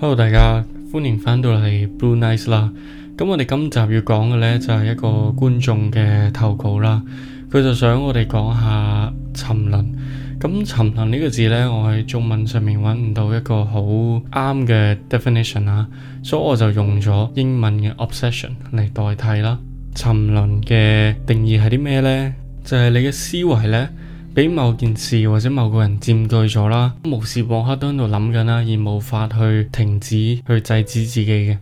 Hello 大家，歡迎翻到嚟 Blue Nice 啦。咁我哋今集要講嘅呢，就係一個觀眾嘅投稿啦。佢就想我哋講下沉淪。咁沉淪呢個字呢，我喺中文上面揾唔到一個好啱嘅 definition 啊，所以我就用咗英文嘅 obsession 嚟代替啦。沉淪嘅定義係啲咩呢？就係你嘅思維呢。俾某件事或者某個人佔據咗啦，無時無刻都喺度諗緊啦，而無法去停止、去制止自己嘅。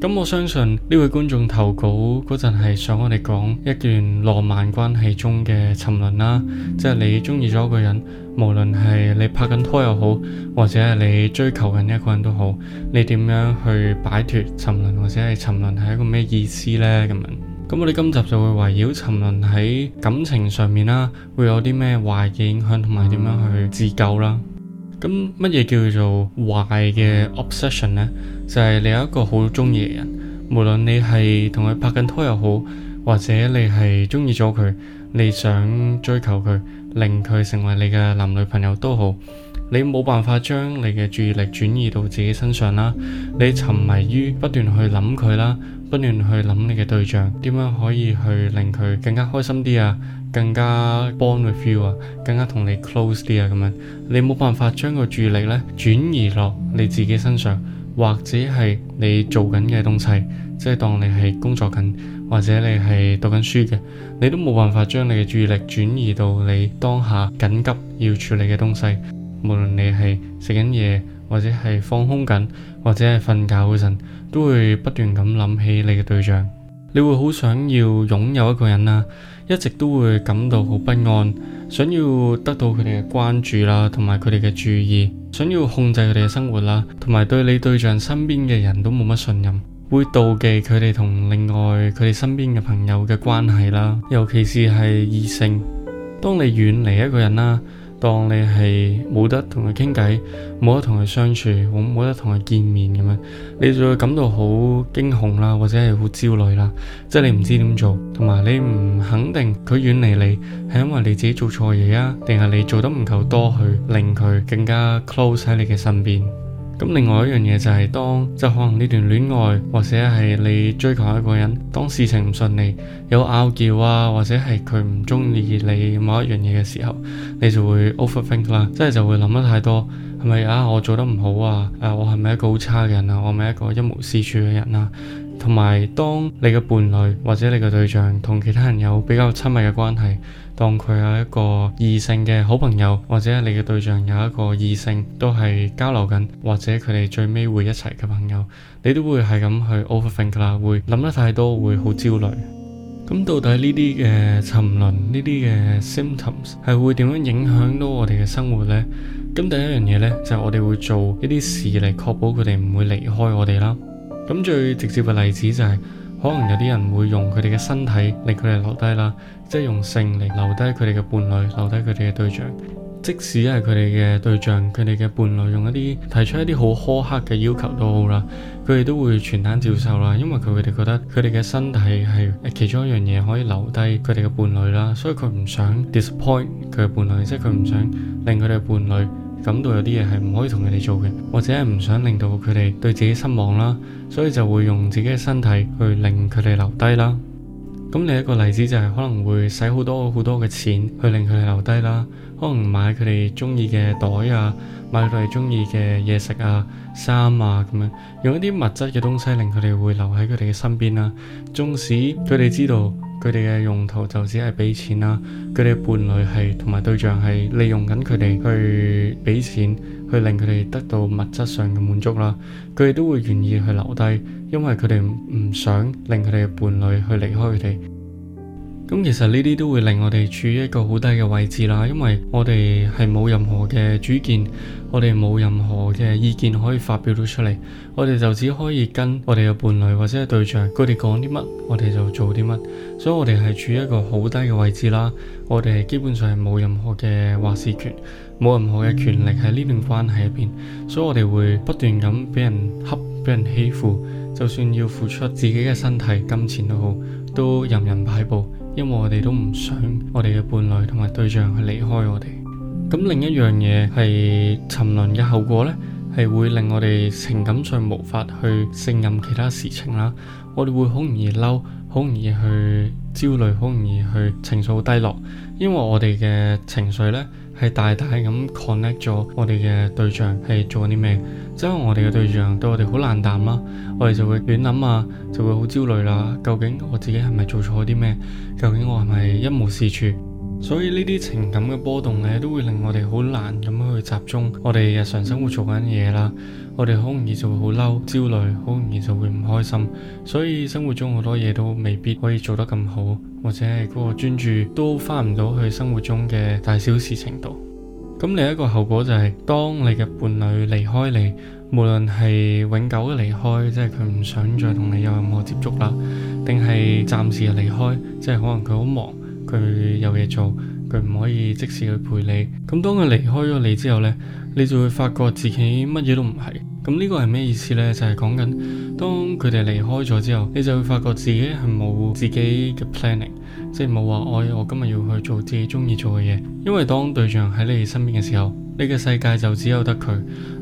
咁我相信呢位觀眾投稿嗰陣係想我哋講一段浪漫關係中嘅沉淪啦，即係你中意咗一個人，無論係你拍緊拖又好，或者係你追求緊一個人都好，你點樣去擺脫沉淪，或者係沉淪係一個咩意思呢？咁樣。咁我哋今集就會圍繞沉淪喺感情上面啦、啊，會有啲咩壞嘅影響，同埋點樣去自救啦、啊。咁乜嘢叫做壞嘅 obsession 呢？就係、是、你有一個好中意嘅人，無論你係同佢拍緊拖又好，或者你係中意咗佢，你想追求佢，令佢成為你嘅男女朋友都好。你冇辦法將你嘅注意力轉移到自己身上啦。你沉迷於不斷去諗佢啦，不斷去諗你嘅對象點樣可以去令佢更加開心啲啊，更加 born with you 啊，更加同你 close 啲啊咁樣。你冇辦法將個注意力咧轉移落你自己身上，或者係你做緊嘅東西，即係當你係工作緊，或者你係讀緊書嘅，你都冇辦法將你嘅注意力轉移到你當下緊急要處理嘅東西。無論你係食緊嘢，或者係放空緊，或者係瞓覺嗰陣，都會不斷咁諗起你嘅對象。你會好想要擁有一個人啦，一直都會感到好不安，想要得到佢哋嘅關注啦，同埋佢哋嘅注意，想要控制佢哋嘅生活啦，同埋對你對象身邊嘅人都冇乜信任，會妒忌佢哋同另外佢哋身邊嘅朋友嘅關係啦，尤其是係異性。當你遠離一個人啦。當你係冇得同佢傾偈，冇得同佢相處，冇冇得同佢見面咁樣，你就會感到好驚恐啦，或者係好焦慮啦，即係你唔知點做，同埋你唔肯定佢遠離你係因為你自己做錯嘢啊，定係你做得唔夠多去令佢更加 close 喺你嘅身邊。咁另外一樣嘢就係，當、就、即、是、可能呢段戀愛，或者係你追求一個人，當事情唔順利，有拗撬啊，或者係佢唔中意你某一樣嘢嘅時候，你就會 overthink 啦，即係就會諗得太多，係咪啊？我做得唔好啊？誒、啊，我係咪一個好差嘅人啊？我咪一個一無是處嘅人啊？同埋，當你嘅伴侶或者你嘅對象同其他人有比較親密嘅關係，當佢有一個異性嘅好朋友，或者你嘅對象有一個異性都係交流緊，或者佢哋最尾會一齊嘅朋友，你都會係咁去 overthink 啦，會諗得太多，會好焦慮。咁到底呢啲嘅沉淪，呢啲嘅 symptoms 係會點樣影響到我哋嘅生活呢？咁第一樣嘢呢，就係我哋會做一啲事嚟確保佢哋唔會離開我哋啦。咁最直接嘅例子就係，可能有啲人會用佢哋嘅身體令佢哋留低啦，即係用性嚟留低佢哋嘅伴侶，留低佢哋嘅對象。即使係佢哋嘅對象，佢哋嘅伴侶用一啲提出一啲好苛刻嘅要求都好啦，佢哋都會全單照收啦，因為佢哋覺得佢哋嘅身體係其中一樣嘢可以留低佢哋嘅伴侶啦，所以佢唔想 disappoint 佢嘅伴侶，即係佢唔想令佢哋嘅伴侶。感到有啲嘢係唔可以同佢哋做嘅，或者係唔想令到佢哋對自己失望啦，所以就會用自己嘅身體去令佢哋留低啦。咁另一個例子就係可能會使好多好多嘅錢去令佢哋留低啦，可能買佢哋中意嘅袋啊，買佢哋中意嘅嘢食啊、衫啊咁樣，用一啲物質嘅東西令佢哋會留喺佢哋嘅身邊啦，縱使佢哋知道。佢哋嘅用途就只係俾錢啦，佢哋嘅伴侶係同埋對象係利用緊佢哋去俾錢，去令佢哋得到物質上嘅滿足啦。佢哋都會願意去留低，因為佢哋唔想令佢哋嘅伴侶去離開佢哋。咁其實呢啲都會令我哋處於一個好低嘅位置啦，因為我哋係冇任何嘅主見，我哋冇任何嘅意見可以發表到出嚟，我哋就只可以跟我哋嘅伴侶或者係對象，佢哋講啲乜，我哋就做啲乜，所以我哋係處於一個好低嘅位置啦。我哋基本上係冇任何嘅話事權，冇任何嘅權力喺呢段關係入邊，所以我哋會不斷咁俾人恰，俾人欺負，就算要付出自己嘅身體、金錢都好，都任人擺佈。因為我哋都唔想我哋嘅伴侶同埋對象去離開我哋，咁另一樣嘢係沉淪嘅後果呢，係會令我哋情感上無法去勝任其他事情啦。我哋會好容易嬲，好容易去焦慮，好容易去情緒低落，因為我哋嘅情緒呢。係大大咁 connect 咗我哋嘅對象係做啲咩？之後我哋嘅對象對我哋好冷淡啦，我哋就會亂諗啊，就會好焦慮啦。究竟我自己係咪做錯啲咩？究竟我係咪一無是處？所以呢啲情感嘅波動呢，都會令我哋好難咁樣去集中我哋日常生活做緊嘢啦。我哋好容易就會好嬲、焦慮，好容易就會唔開心。所以生活中好多嘢都未必可以做得咁好。或者係嗰個專注都翻唔到去生活中嘅大小事情度。咁另一個後果就係，當你嘅伴侶離開你，無論係永久離開，即係佢唔想再同你有任何接觸啦，定係暫時嘅離開，即係可能佢好忙，佢有嘢做，佢唔可以即時去陪你。咁當佢離開咗你之後呢，你就會發覺自己乜嘢都唔係。咁呢個係咩意思呢？就係講緊，當佢哋離開咗之後，你就會發覺自己係冇自己嘅 planning。即係冇話我我今日要去做自己中意做嘅嘢，因為當對象喺你身邊嘅時候，你嘅世界就只有得佢。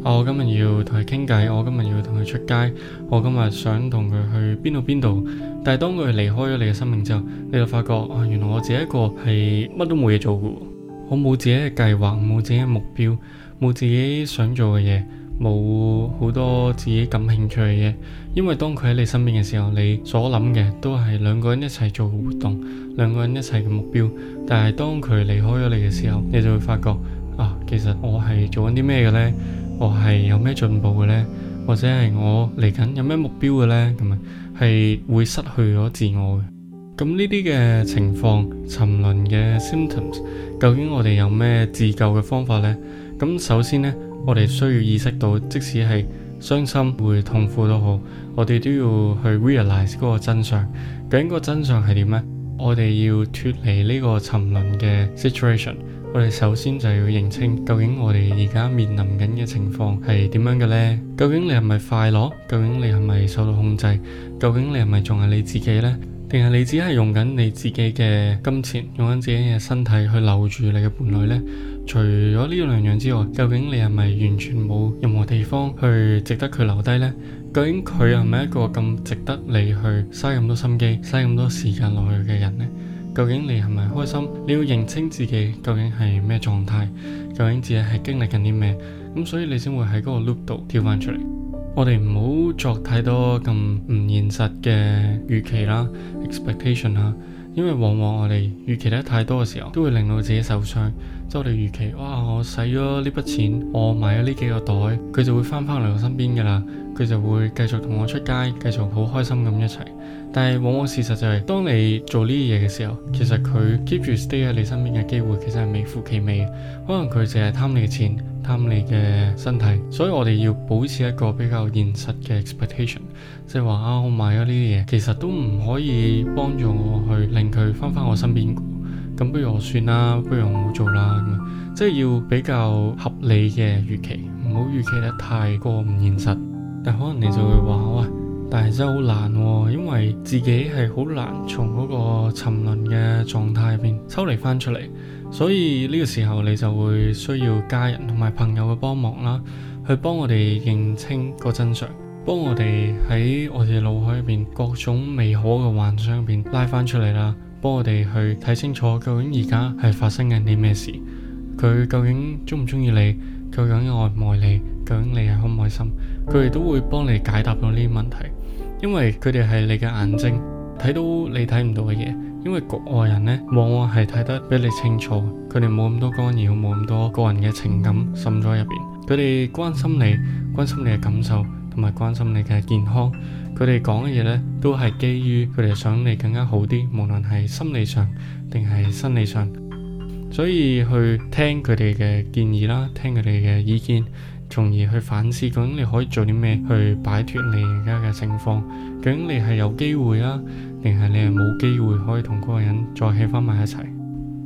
啊，我今日要同佢傾偈，我今日要同佢出街，我今日想同佢去邊度邊度。但係當佢離開咗你嘅生命之後，你就發覺啊，原來我自己一個係乜都冇嘢做嘅，我冇自己嘅計劃，冇自己嘅目標，冇自己想做嘅嘢。冇好多自己感興趣嘅嘢，因為當佢喺你身邊嘅時候，你所諗嘅都係兩個人一齊做活動，兩個人一齊嘅目標。但係當佢離開咗你嘅時候，你就會發覺啊，其實我係做緊啲咩嘅咧？我係有咩進步嘅咧？或者係我嚟緊有咩目標嘅咧？咁啊，係會失去咗自我嘅。咁呢啲嘅情況沉淪嘅 symptoms，究竟我哋有咩自救嘅方法咧？咁首先咧。我哋需要意識到，即使係傷心會痛苦都好，我哋都要去 realize 嗰個真相。究竟個真相係點呢？我哋要脫離呢個沉淪嘅 situation。我哋首先就要認清，究竟我哋而家面臨緊嘅情況係點樣嘅呢？究竟你係咪快樂？究竟你係咪受到控制？究竟你係咪仲係你自己呢？其實你只係用緊你自己嘅金錢，用緊自己嘅身體去留住你嘅伴侶呢。除咗呢兩樣之外，究竟你係咪完全冇任何地方去值得佢留低呢？究竟佢係咪一個咁值得你去嘥咁多心機、嘥咁多時間落去嘅人呢？究竟你係咪開心？你要認清自己究竟係咩狀態，究竟自己係經歷緊啲咩？咁所以你先會喺嗰個 loop 度跳翻出嚟。我哋唔好作太多咁唔現實嘅預期啦，expectation 啦，因為往往我哋預期得太多嘅時候，都會令到自己受傷。即係我哋預期，哇！我使咗呢筆錢，我買咗呢幾個袋，佢就會翻返嚟我身邊㗎喇，佢就會繼續同我出街，繼續好開心咁一齊。但係往往事實就係、是，當你做呢啲嘢嘅時候，其實佢 keep 住 stay 喺你身邊嘅機會，其實係微乎其微。可能佢淨係貪你嘅錢，貪你嘅身體。所以我哋要保持一個比較現實嘅 expectation，即係話啊，我買咗呢啲嘢，其實都唔可以幫助我去令佢翻返我身邊。咁不如我算啦，不如我唔做啦。咁即係要比較合理嘅預期，唔好預期得太過唔現實。但可能你就會話：「啊。」但係真係好難喎，因為自己係好難從嗰個沉淪嘅狀態入邊抽離翻出嚟，所以呢個時候你就會需要家人同埋朋友嘅幫忙啦，去幫我哋認清個真相，幫我哋喺我哋腦海入邊各種美好嘅幻想入邊拉翻出嚟啦，幫我哋去睇清楚究竟而家係發生緊啲咩事，佢究竟中唔中意你，究竟愛唔愛你。究竟你係開唔開心？佢哋都會幫你解答到呢啲問題，因為佢哋係你嘅眼睛，睇到你睇唔到嘅嘢。因為局外人呢，往往係睇得比你清楚，佢哋冇咁多干擾，冇咁多個人嘅情感滲咗入邊。佢哋關心你，關心你嘅感受，同埋關心你嘅健康。佢哋講嘅嘢呢，都係基於佢哋想你更加好啲，無論係心理上定係生理上。所以去聽佢哋嘅建議啦，聽佢哋嘅意見。從而去反思究竟你可以做啲咩去擺脫你而家嘅情況，究竟你係有機會啊，定係你係冇機會可以同嗰個人再喺翻埋一齊？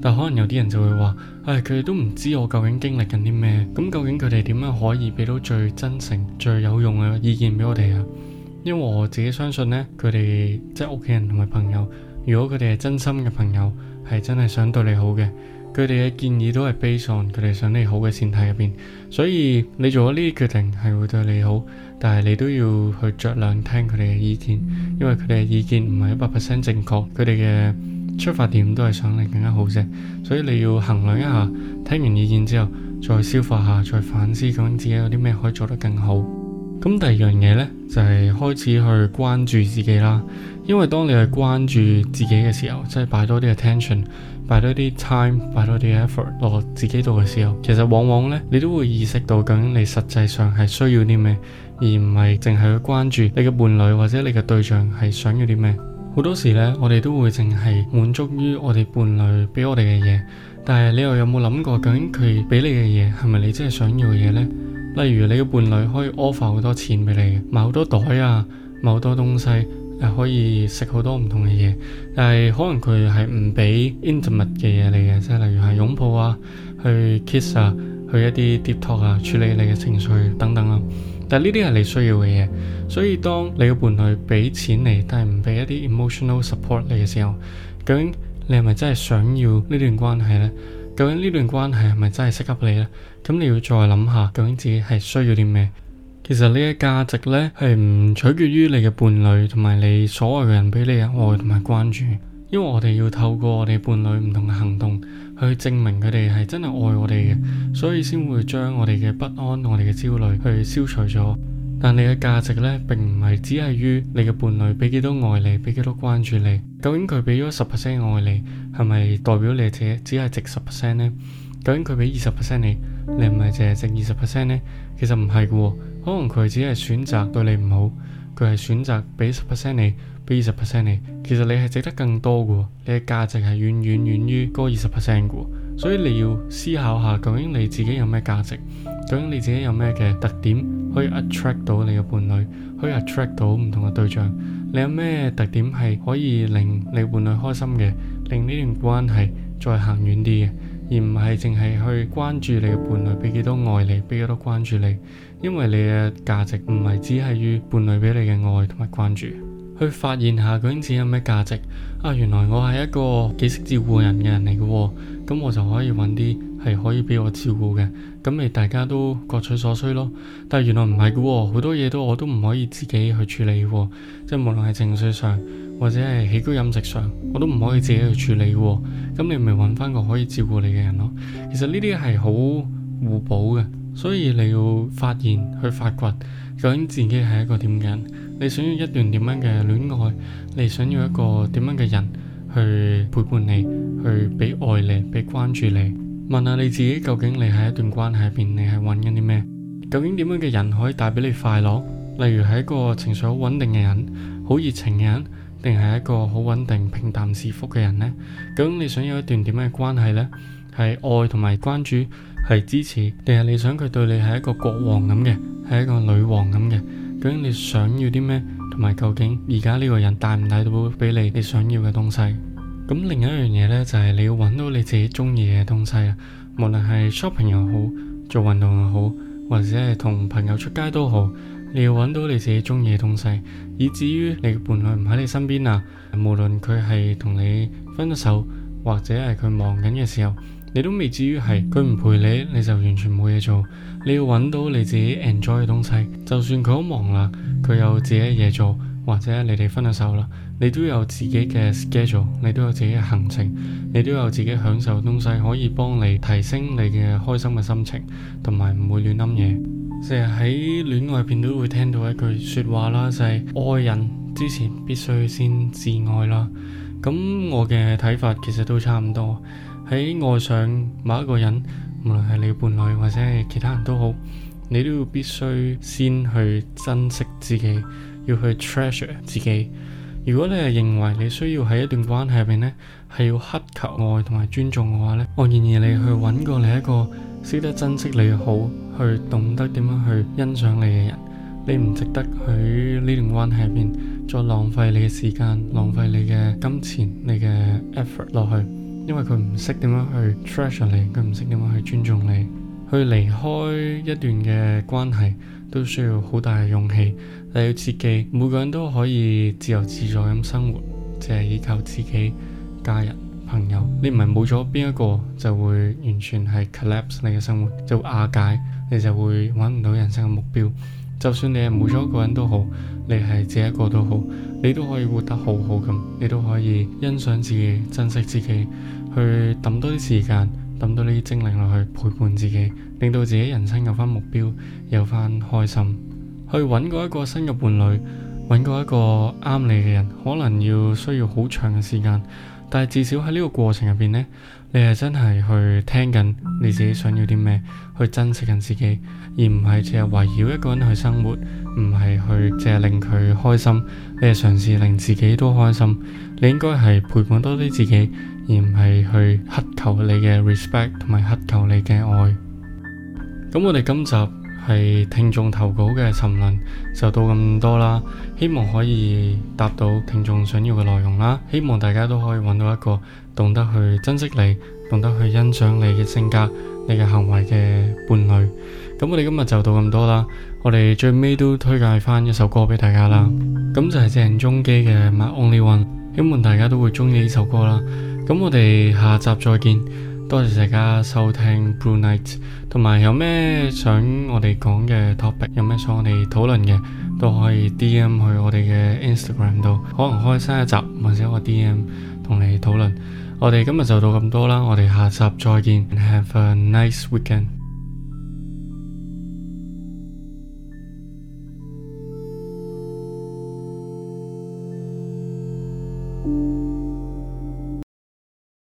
但可能有啲人就會話，唉、哎，佢哋都唔知我究竟經歷緊啲咩，咁究竟佢哋點樣可以俾到最真誠、最有用嘅意見俾我哋啊？因為我自己相信呢，佢哋即係屋企人同埋朋友，如果佢哋係真心嘅朋友，係真係想對你好嘅。佢哋嘅建議都係 based on 佢哋想你好嘅前提入邊，所以你做咗呢啲決定係會對你好，但係你都要去酌量聽佢哋嘅意見，因為佢哋嘅意見唔係一百 percent 正確，佢哋嘅出發點都係想你更加好啫，所以你要衡量一下，嗯、聽完意見之後再消化下，再反思究竟自己有啲咩可以做得更好。咁第二樣嘢呢，就係、是、開始去關注自己啦。因為當你係關注自己嘅時候，即係擺多啲 attention，擺多啲 time，擺多啲 effort 落自己度嘅時候，其實往往呢，你都會意識到究竟你實際上係需要啲咩，而唔係淨係去關注你嘅伴侶或者你嘅對象係想要啲咩。好多時呢，我哋都會淨係滿足於我哋伴侶俾我哋嘅嘢，但係你又有冇諗過究竟佢俾你嘅嘢係咪你真係想要嘅嘢呢？例如你嘅伴侶可以 offer 好多錢俾你，買好多袋啊，買好多東西。可以食好多唔同嘅嘢，但係可能佢係唔俾 intimate 嘅嘢嚟嘅，即係例如係擁抱啊、去 kiss 啊、去一啲 deep talk 啊、處理你嘅情緒等等啊。但係呢啲係你需要嘅嘢，所以當你嘅伴侶俾錢你，但係唔俾一啲 emotional support 你嘅時候，究竟你係咪真係想要呢段關係呢？究竟呢段關係係咪真係適合你呢？咁你要再諗下，究竟自己係需要啲咩？其實呢個價值呢，係唔取決於你嘅伴侶同埋你所愛嘅人俾你嘅愛同埋關注，因為我哋要透過我哋伴侶唔同嘅行動去證明佢哋係真係愛我哋嘅，所以先會將我哋嘅不安、我哋嘅焦慮去消除咗。但你嘅價值呢，並唔係只係於你嘅伴侶俾幾多愛你、俾幾多關注你。究竟佢俾咗十 percent 愛你，係咪代表你自己只係值十 percent 呢？究竟佢俾二十 percent 你，你唔係淨係值二十 percent 呢？其實唔係嘅，可能佢只係選擇對你唔好，佢係選擇俾十 percent 你，俾二十 percent 你。其實你係值得更多嘅，你嘅價值係遠遠遠遠於嗰二十 percent 嘅。所以你要思考下，究竟你自己有咩價值？究竟你自己有咩嘅特點可以 attract 到你嘅伴侶，可以 attract 到唔同嘅對象？你有咩特點係可以令你伴侶開心嘅，令呢段關係再行遠啲嘅？而唔係淨係去關注你嘅伴侶俾幾多愛你，俾幾多關注你，因為你嘅價值唔係只係於伴侶俾你嘅愛同埋關注。去發現下究竟自己有咩價值啊！原來我係一個幾識照顧人嘅人嚟嘅，哦，咁我就可以揾啲係可以俾我照顧嘅，咁咪大家都各取所需咯。但係原來唔係嘅，好多嘢，都我都唔可以自己去處理喎，即係無論係情緒上或者係起居飲食上，我都唔可以自己去處理喎。咁你咪搵翻個可以照顧你嘅人咯。其實呢啲係好互補嘅，所以你要發現去發掘究竟自己係一個點嘅人，你想要一段點樣嘅戀愛，你想要一個點樣嘅人去陪伴你，去俾愛你，俾關注你。問下你自己，究竟你喺一段關係入邊，你係揾緊啲咩？究竟點樣嘅人可以帶俾你快樂？例如係一個情緒好穩定嘅人，好熱情嘅人，定係一個好穩定、平淡是福嘅人呢？究竟你想要一段點樣嘅關係呢？係愛同埋關注，係支持，定係你想佢對你係一個國王咁嘅，係一個女王咁嘅？究竟你想要啲咩？同埋究竟而家呢個人帶唔帶到俾你你想要嘅東西？咁另一樣嘢呢，就係、是、你要揾到你自己中意嘅東西啊，無論係 shopping 又好，做運動又好，或者係同朋友出街都好，你要揾到你自己中意嘅東西，以至於你嘅伴侶唔喺你身邊啊，無論佢係同你分咗手，或者係佢忙緊嘅時候，你都未至於係佢唔陪你，你就完全冇嘢做。你要揾到你自己 enjoy 嘅東西，就算佢好忙啦，佢有自己嘅嘢做，或者你哋分咗手啦。你都有自己嘅 schedule，你都有自己嘅行程，你都有自己享受嘅東西可以幫你提升你嘅開心嘅心情，同埋唔會亂諗嘢。成日喺戀愛邊都會聽到一句說話啦，就係愛人之前必須先自愛啦。咁我嘅睇法其實都差唔多。喺愛上某一個人，無論係你伴侶或者係其他人都好，你都要必須先去珍惜自己，要去 treasure 自己。如果你係認為你需要喺一段關係入邊呢，係要乞求愛同埋尊重嘅話呢，我建議你去揾個你一個識得珍惜你嘅好，去懂得點樣去欣賞你嘅人。你唔值得喺呢段關係入邊再浪費你嘅時間、浪費你嘅金錢、你嘅 effort 落去，因為佢唔識點樣去 treasure 你，佢唔識點樣去尊重你，去離開一段嘅關係。都需要好大嘅勇氣，你要自己，每個人都可以自由自在咁生活，淨係依靠自己、家人、朋友。你唔係冇咗邊一個就會完全係 collapse 你嘅生活，就瓦解，你就會揾唔到人生嘅目標。就算你係冇咗一個人都好，你係自己一個都好，你都可以活得好好咁，你都可以欣賞自己、珍惜自己，去抌多啲時間。揾到呢啲精靈落去陪伴自己，令到自己人生有翻目標，有翻開心。去揾過一個新嘅伴侶，揾過一個啱你嘅人，可能要需要好長嘅時間，但係至少喺呢個過程入邊呢，你係真係去聽緊你自己想要啲咩，去珍惜緊自己，而唔係淨係圍繞一個人去生活。唔係去淨係令佢開心，你係嘗試令自己都開心。你應該係陪伴多啲自己，而唔係去乞求你嘅 respect 同埋乞求你嘅愛。咁我哋今集係聽眾投稿嘅沉淪就到咁多啦，希望可以答到聽眾想要嘅內容啦。希望大家都可以揾到一個懂得去珍惜你、懂得去欣賞你嘅性格、你嘅行為嘅伴侶。咁我哋今日就到咁多啦，我哋最尾都推介翻一首歌俾大家啦，咁就係鄭中基嘅 My Only One，希望大家都會中意呢首歌啦。咁我哋下集再見，多謝大家收聽 Blue Night，同埋有咩想我哋講嘅 topic，有咩想我哋討論嘅，都可以 DM 去我哋嘅 Instagram 度，可能開新一集或者我 DM 同你討論。我哋今日就到咁多啦，我哋下集再見，Have a nice weekend。